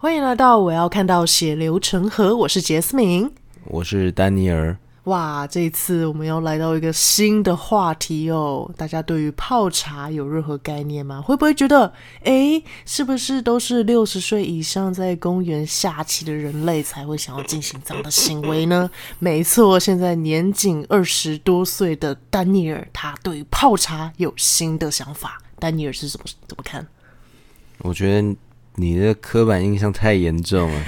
歡迎來到我要看到血流成河。我是傑斯敏。我是丹尼爾。哇，這次我們要來到一個新的話題哦。大家對於泡茶有任何概念嗎？會不會覺得，誒，是不是都是六十歲以上在公園下棋的人類才會想要進行這樣的行為呢？沒錯，現在年僅二十多歲的丹尼爾，他對於泡茶有新的想法。丹尼爾是怎麼怎麼看？我覺得。你的刻板印象太嚴重了，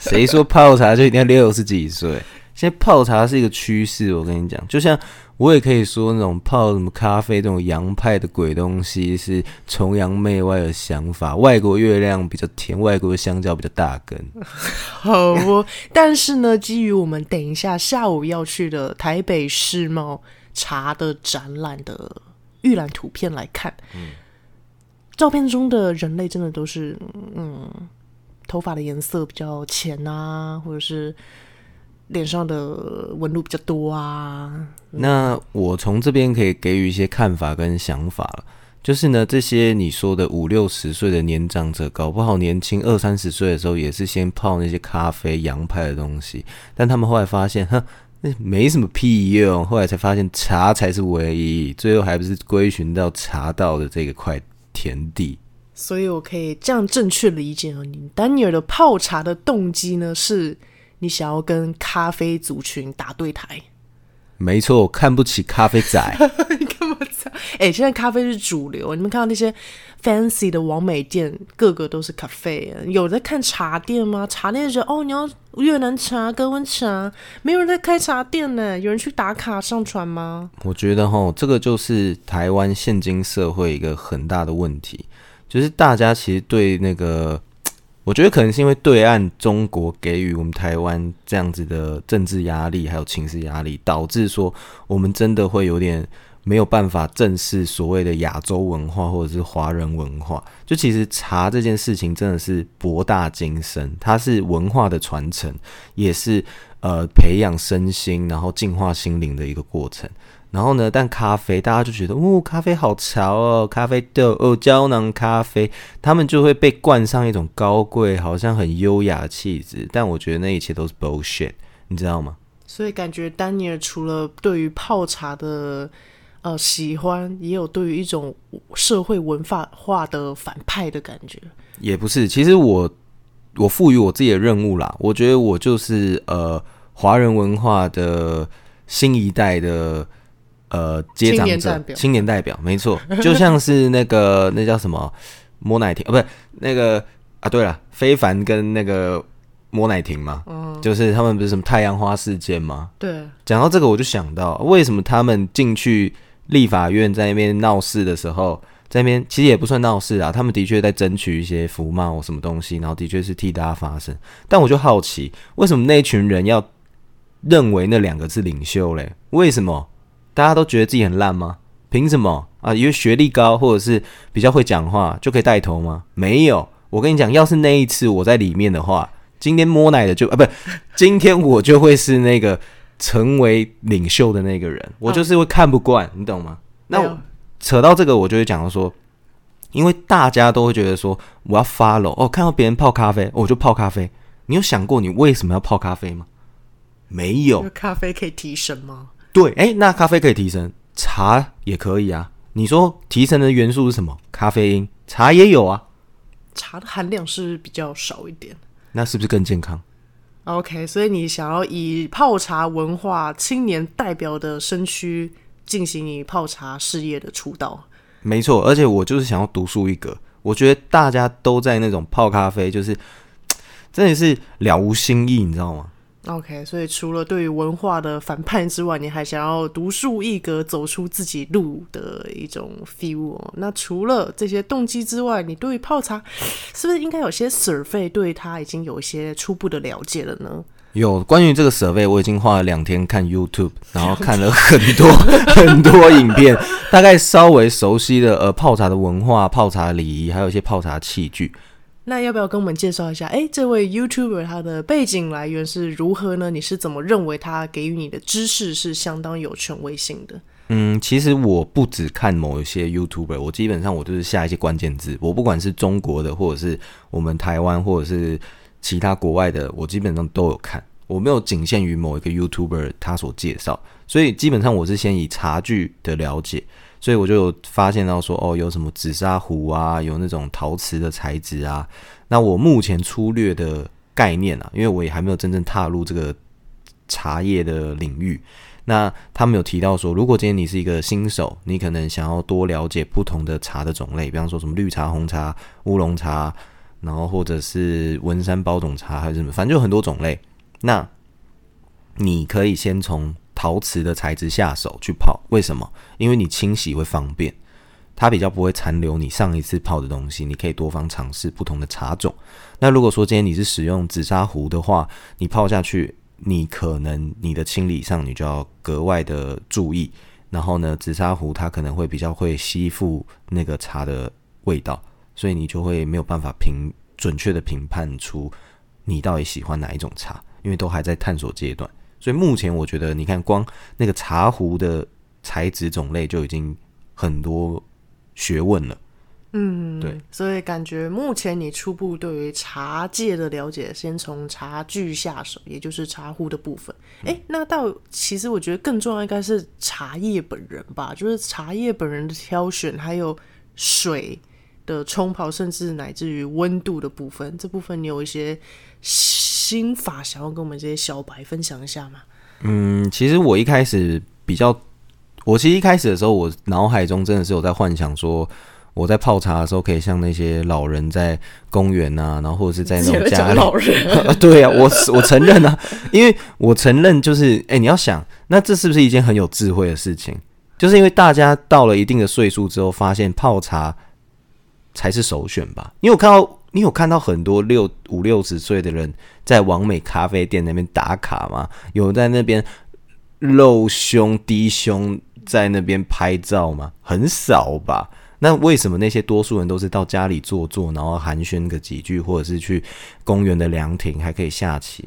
誰說泡茶就一定要六十幾歲？現在泡茶是一個趨勢，我跟你講，就像我也可以說那種泡什麼咖啡這種洋派的鬼東西是崇洋媚外的想法。外國月亮比較甜，外國的香蕉比較大根，好不？ 但是呢，基於我們等一下下午要去的台北世貿茶的展覽的預覽圖片來看，嗯。照片中的人類真的都是，嗯，頭髮的顏色比較淺啊，或者是臉上的紋路比較多啊。嗯、那我從這邊可以給予一些看法跟想法了，就是呢，這些你說的五六十歲的年長者高，搞不好年輕二三十歲的時候也是先泡那些咖啡洋派的東西，但他們後來發現，哼，那沒什麼屁用，後來才發現茶才是唯一，最後還不是歸尋到茶道的這個塊田地，所以我可以這樣正確理解了，你丹尼爾的泡茶的動機呢，是你想要跟咖啡族群打對台。沒錯，我看不起咖啡仔。 你哎、欸，現在咖啡是主流，你們看到那些 fancy 的網美店，個個都是咖啡。有人在看茶店嗎？茶店人哦，你要越南茶、高溫茶，沒有人在開茶店呢。有人去打卡上傳嗎？我覺得哈，這個就是台灣現今社會一個很大的問題，就是大家其實對那個。我覺得可能是因為對岸中國給予我們台灣這樣子的政治壓力，還有情勢壓力，導致說我們真的會有點沒有辦法正視所謂的亞洲文化或者是華人文化。就其實茶這件事情真的是博大精深，它是文化的傳承，也是。呃，培養身心，然後淨化心靈的一個過程。然後呢，但咖啡大家就覺得，哦，咖啡好潮哦，咖啡豆哦，膠囊咖啡，他們就會被冠上一種高貴，好像很優雅的氣質。但我覺得那一切都是 bullshit，你知道嗎？所以感覺丹尼爾除了對於泡茶的呃喜歡，也有對於一種社會文化化的反派的感覺。也不是，其實我。嗯我賦予我自己的任務啦，我覺得我就是呃，華人文化的新一代的呃接掌者、青年代表，代表沒錯， 就像是那個那叫什麼摩乃亭，啊，不是那個啊，對了，非凡跟那個摩乃亭嘛，嗯，就是他們不是什麼太陽花事件嗎？對，講到這個我就想到，為什麼他們進去立法院在那邊鬧事的時候，在那邊其實也不算鬧事啊，他們的確在爭取一些服貿或什麼東西，然後的確是替大家發聲。但我就好奇，為什麼那一群人要認為那兩個是領袖嘞？為什麼大家都覺得自己很爛嗎？憑什麼啊？因為學歷高或者是比較會講話就可以帶頭嗎？沒有，我跟你講，要是那一次我在裡面的話，今天摸奶的就啊，不，今天我就會是那個成為領袖的那個人。 我就是會看不慣，你懂嗎？那我。扯到這個，我就會講到說，因為大家都會覺得說，我要 follow 哦，看到別人泡咖啡，哦，我就泡咖啡。你有想過你為什麼要泡咖啡嗎？沒有。咖啡可以提神嗎？對，哎，那咖啡可以提神，茶也可以啊。你說提神的元素是什麼？咖啡因，茶也有啊。茶的含量是比較少一點，那是不是更健康？OK，所以你想要以泡茶文化青年代表的身軀，進行你泡茶事業的出道，沒錯，而且我就是想要獨樹一格。我覺得大家都在那種泡咖啡，就是真的是了無新意，你知道嗎？OK，所以除了對於文化的反叛之外，你還想要獨樹一格，走出自己路的一種 feel 哦。那除了這些動機之外，你對於泡茶是不是應該有些 surface，對它已經有一些初步的了解了呢？有關於這個設備，我已經花了兩天看 YouTube，然後看了很多 很多影片，大概稍微熟悉的呃泡茶的文化、泡茶禮儀，還有一些泡茶器具。那要不要跟我們介紹一下？哎、欸，這位 YouTuber 他的背景來源是如何呢？你是怎麼認為他給予你的知識是相當有權威性的？嗯，其實我不只看某一些 YouTuber，我基本上我就是下一些關鍵字，我不管是中國的，或者是我們台灣，或者是。其他國外的我基本上都有看，我沒有僅限於某一個 YouTuber 他所介紹，所以基本上我是先以茶具的了解，所以我就發現到說，哦，有什麼紫砂壺啊，有那種陶瓷的材質啊。那我目前粗略的概念啊，因為我也還沒有真正踏入這個茶葉的領域。那他們有提到說，如果今天你是一個新手，你可能想要多了解不同的茶的種類，比方說什麼綠茶、紅茶、烏龍茶。然後或者是文山包種茶還是什麼，反正就很多種類。那你可以先從陶瓷的材質下手去泡，為什麼？因為你清洗會方便，它比較不會殘留你上一次泡的東西。你可以多方嘗試不同的茶種。那如果說今天你是使用紫砂壺的話，你泡下去，你可能你的清理上你就要格外的注意。然後呢，紫砂壺它可能會比較會吸附那個茶的味道。所以你就會沒有辦法評準確的評判出你到底喜歡哪一種茶，因為都還在探索階段。所以目前我覺得，你看光那個茶壺的材質種類就已經很多學問了。嗯，對。所以感覺目前你初步對於茶界的了解，先從茶具下手，也就是茶壺的部分。嗯、誒，那到其實我覺得更重要應該是茶葉本人吧，就是茶葉本人的挑選，還有水的沖泡，甚至乃至於溫度的部分，這部分你有一些心法想要跟我們這些小白分享一下嗎？嗯，其實我一開始比較，我其實一開始的時候，我腦海中真的是有在幻想說，我在泡茶的時候，可以像那些老人在公園啊，然後或者是在那種家裡，老人，對啊，我我承認啊， 因為我承認就是，哎，你要想，那這是不是一件很有智慧的事情？就是因為大家到了一定的歲數之後，發現泡茶。才是首選吧？你有看到，你有看到很多六五六十歲的人在網美咖啡店那邊打卡嗎？有在那邊露胸、低胸在那邊拍照嗎？很少吧？那為什麼那些多數人都是到家裡坐坐，然後寒暄個幾句，或者是去公園的涼亭，還可以下棋？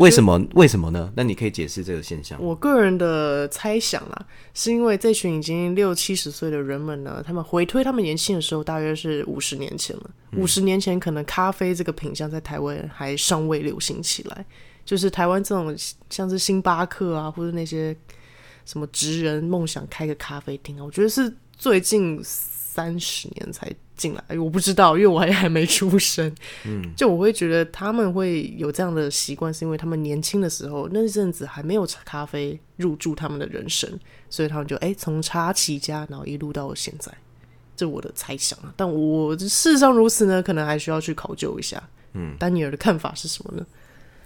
為什麼？為什麼呢？那你可以解釋這個現象。我個人的猜想啊，是因為這群已經六七十歲的人們呢，他們回推他們年輕的時候，大約是五十年前了。五十年前，可能咖啡這個品項在台灣還尚未流行起來，嗯、就是台灣這種像是星巴克啊，或者那些什麼職人夢想開個咖啡廳啊，我覺得是。最近三十年才進來、欸，我不知道，因為我還還沒出生。嗯，就我會覺得他們會有這樣的習慣，是因為他們年輕的時候那陣子還沒有咖啡入駐他們的人生，所以他們就哎從、欸、茶起家，然後一路到現在，這是我的猜想啊。但我事實上如此呢，可能還需要去考究一下。嗯，丹尼爾的看法是什麼呢？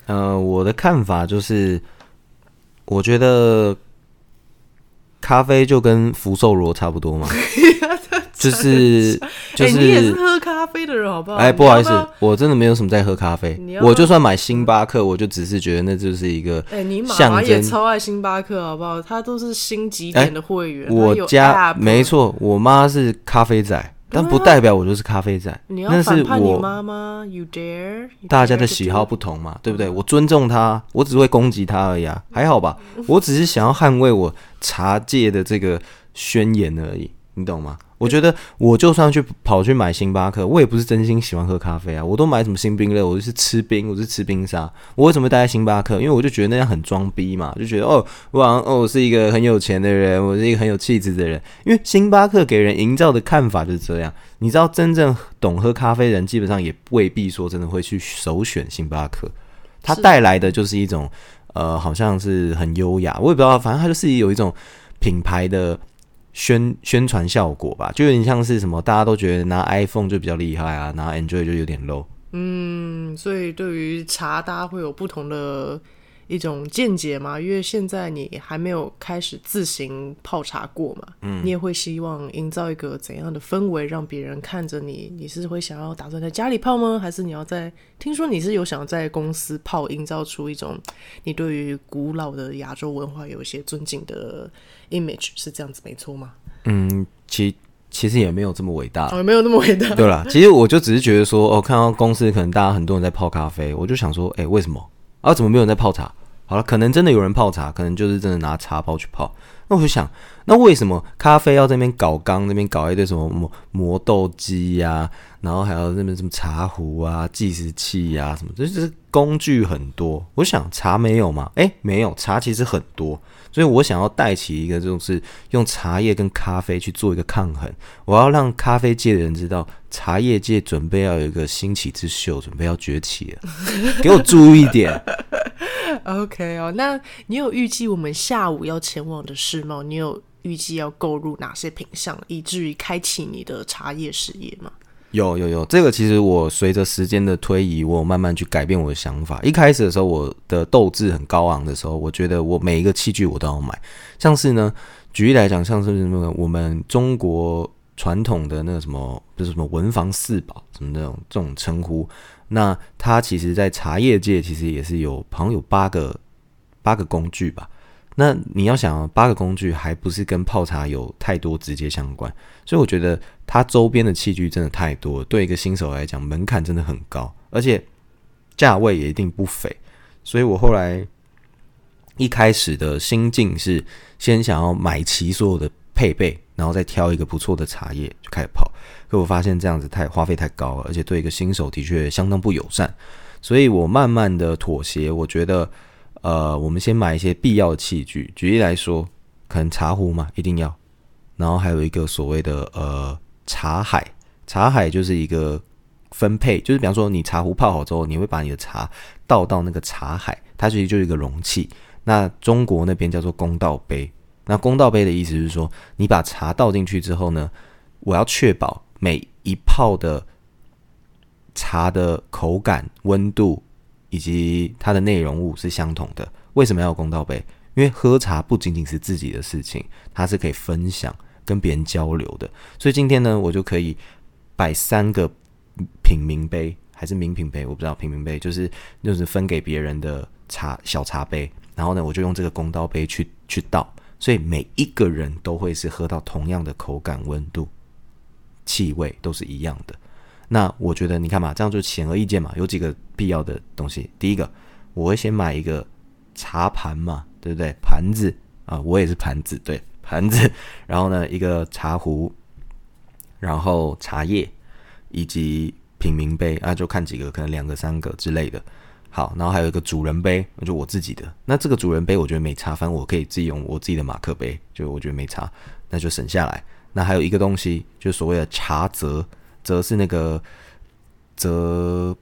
呃，我的看法就是，我覺得。咖啡就跟福壽螺差不多嘛， 就是就是、欸、你也是喝咖啡的人好不好？哎、欸，不好意思要要，我真的沒有什麼在喝咖啡要要。我就算買星巴克，我就只是覺得那就是一個象徵。哎、欸，你媽媽也超愛星巴克好不好？它都是星級點的會員。欸、我家沒錯，我媽是咖啡仔。但不代表我就是咖啡仔，那、啊、是我。媽媽 you dare, you dare 大家的喜好不同嘛，對不對？我尊重他，我只會攻擊他而已啊，還好吧。我只是想要捍衛我茶界的這個宣言而已。你懂嗎？我覺得我就算去跑去買星巴克，我也不是真心喜歡喝咖啡啊。我都買什麼星冰樂，我就是吃冰，我是吃冰沙。我為什麼待在星巴克？因為我就覺得那樣很裝逼嘛，就覺得哦，我好像哦，我是一個很有錢的人，我是一個很有氣質的人。因為星巴克給人營造的看法就是這樣。你知道，真正懂喝咖啡的人，基本上也未必說真的會去首選星巴克。它帶來的就是一種是，呃，好像是很優雅。我也不知道，反正它就是有一種品牌的。宣宣傳效果吧，就有點像是什麼，大家都覺得拿 iPhone 就比較厲害啊，拿 Android 就有點 low。嗯，所以對於茶大家會有不同的一種見解嘛，因為現在你還沒有開始自行泡茶過嘛，嗯，你也會希望營造一個怎樣的氛圍，讓別人看着你，你是會想要打算在家裡泡嗎？還是你要在？聽說你是有想在公司泡，營造出一種你對於古老的亞洲文化有一些尊敬的 image，是這樣子沒錯嗎？嗯，其其實也沒有這麼偉大，哦，沒有那麼偉大對。對了，其實我就只是覺得說， 哦，看到公司可能大家很多人在泡咖啡，我就想說，哎、欸，為什麼？啊，怎麼沒有人在泡茶？好了，可能真的有人泡茶，可能就是真的拿茶包去泡。那我就想，那為什麼咖啡要在那邊搞缸，那邊搞一堆什麼磨磨豆機呀、啊，然後還有那邊什麼茶壺啊、計時器呀、啊，什麼？這就是工具很多。我想茶沒有嘛，哎、欸，沒有，茶其實很多，所以我想要帶起一個，就是用茶葉跟咖啡去做一個抗衡。我要讓咖啡界的人知道，茶葉界準備要有一個興起之秀，準備要崛起了，給我注意一點。 OK 哦、oh,，那你有預計我們下午要前往的是？是嗎？你有預計要購入哪些品項，以至於開啟你的茶葉事業嗎？有有有，這個其實我隨着時間的推移，我有慢慢去改變我的想法。一開始的時候，我的鬥志很高昂的時候，我覺得我每一個器具我都要買。像是呢，舉例來講，像是什麼我們中國傳統的那個什麼，就是什麼文房四寶什麼這種這種稱呼，那它其實，在茶葉界其實也是有，好像有八個八個工具吧。那你要想，八個工具還不是跟泡茶有太多直接相關，所以我覺得它周邊的器具真的太多了，對一個新手來講門檻真的很高，而且價位也一定不菲。所以我後來一開始的心境是，先想要買齊所有的配備，然後再挑一個不錯的茶葉就開始泡。可我發現這樣子太花費太高了，而且對一個新手的確相當不友善。所以我慢慢的妥協，我覺得。呃，我們先買一些必要的器具。舉例來說，可能茶壺嘛，一定要。然後還有一個所謂的呃茶海，茶海就是一個分配，就是比方說你茶壺泡好之後，你會把你的茶倒到那個茶海，它其實就是一個容器。那中國那邊叫做公道杯，那公道杯的意思是說，你把茶倒進去之後呢，我要確保每一泡的茶的口感、溫度。以及它的內容物是相同的，為什麼要有公道杯？因為喝茶不僅僅是自己的事情，它是可以分享、跟別人交流的。所以今天呢，我就可以擺三個品茗杯，還是茗品杯，我不知道，品茗杯就是就是分給別人的茶小茶杯。然後呢，我就用這個公道杯去去倒，所以每一個人都會是喝到同樣的口感、溫度、氣味都是一樣的。那我覺得你看嘛，這樣就顯而易見嘛，有幾個必要的東西。第一個，我會先買一個茶盤嘛，對不對？盤子啊，我也是盤子，對盤子。然後呢，一個茶壺，然後茶葉，以及品茗杯啊，就看幾個，可能兩個、三個之類的。好，然後還有一個主人杯，那就我自己的。那這個主人杯，我覺得沒差，反正我可以自己用我自己的馬克杯，就我覺得沒差，那就省下來。那還有一個東西，就所謂的茶則。則是那個責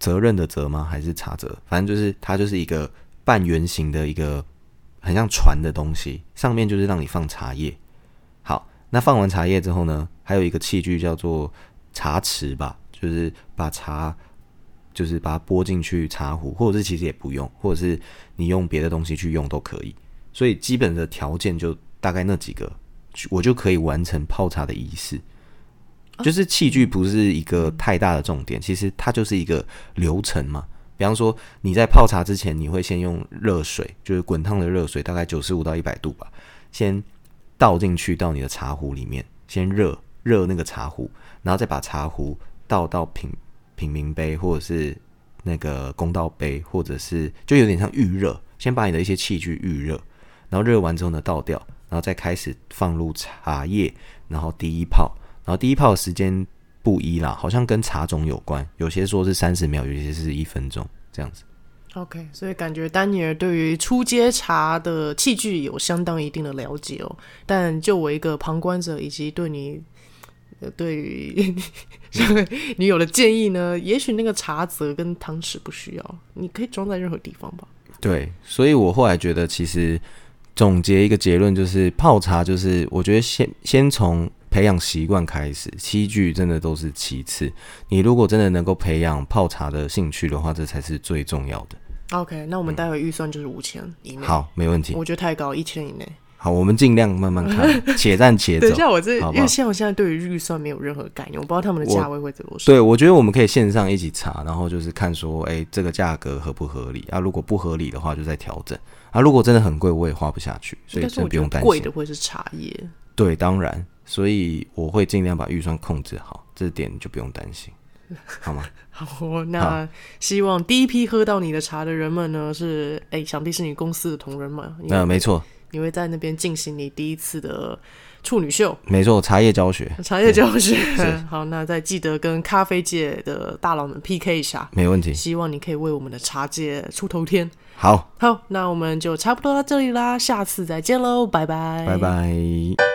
責任的責嗎？還是茶則？反正就是它就是一個半圓形的一個很像船的東西，上面就是讓你放茶葉。好，那放完茶葉之後呢，還有一個器具叫做茶匙吧，就是把茶，就是把它撥進去茶壺，或者是其實也不用，或者是你用別的東西去用都可以。所以基本的條件就大概那幾個，我就可以完成泡茶的儀式。就是器具不是一個太大的重點，其實它就是一個流程嘛。比方說，你在泡茶之前，你會先用熱水，就是滾燙的熱水，大概九十五到一百度吧，先倒進去到你的茶壺裡面，先熱熱那個茶壺，然後再把茶壺倒到品品茗杯或者是那個公道杯，或者是就有點像預熱，先把你的一些器具預熱，然後熱完之後呢，倒掉，然後再開始放入茶葉，然後第一泡。然後第一泡時間不一啦，好像跟茶種有關，有些說是三十秒，有些是一分鐘這樣子。OK，所以感覺丹尼爾對於初階茶的器具有相當一定的了解哦。但就我一個旁觀者，以及對你，對於 你有的建議呢，也許那個茶則跟湯匙不需要，你可以裝在任何地方吧。對，所以我後來覺得，其實總結一個結論就是，泡茶就是我覺得先先從。培養習慣開始，器具真的都是其次。你如果真的能夠培養泡茶的興趣的話，這才是最重要的。OK，那我們待會預算就是五千以內、嗯。好，沒問題。我覺得太高，一千以內。好，我們盡量慢慢看， 且戰且走。等一下，我這好好因為像我現在對於預算沒有任何概念，我不知道他們的價位會怎麼說。對，我覺得我們可以線上一起查，然後就是看說，哎、欸，這個價格合不合理啊？如果不合理的話，就再調整。啊，如果真的很貴，我也花不下去，所以真不用擔心。貴的會是茶葉？對，當然。所以我會盡量把預算控制好，這點你就不用擔心，好嗎？ 好哦，那希望第一批喝到你的茶的人們呢是，哎，想必是你公司的同仁們啊，沒錯。你會在那邊進行你第一次的處女秀？沒錯，茶葉教學，茶葉教學。 好，那再記得跟咖啡界的大佬們 PK 一下，沒問題。希望你可以為我們的茶界出頭天。好好，那我們就差不多到這裡啦，下次再見嘍，拜拜，拜拜。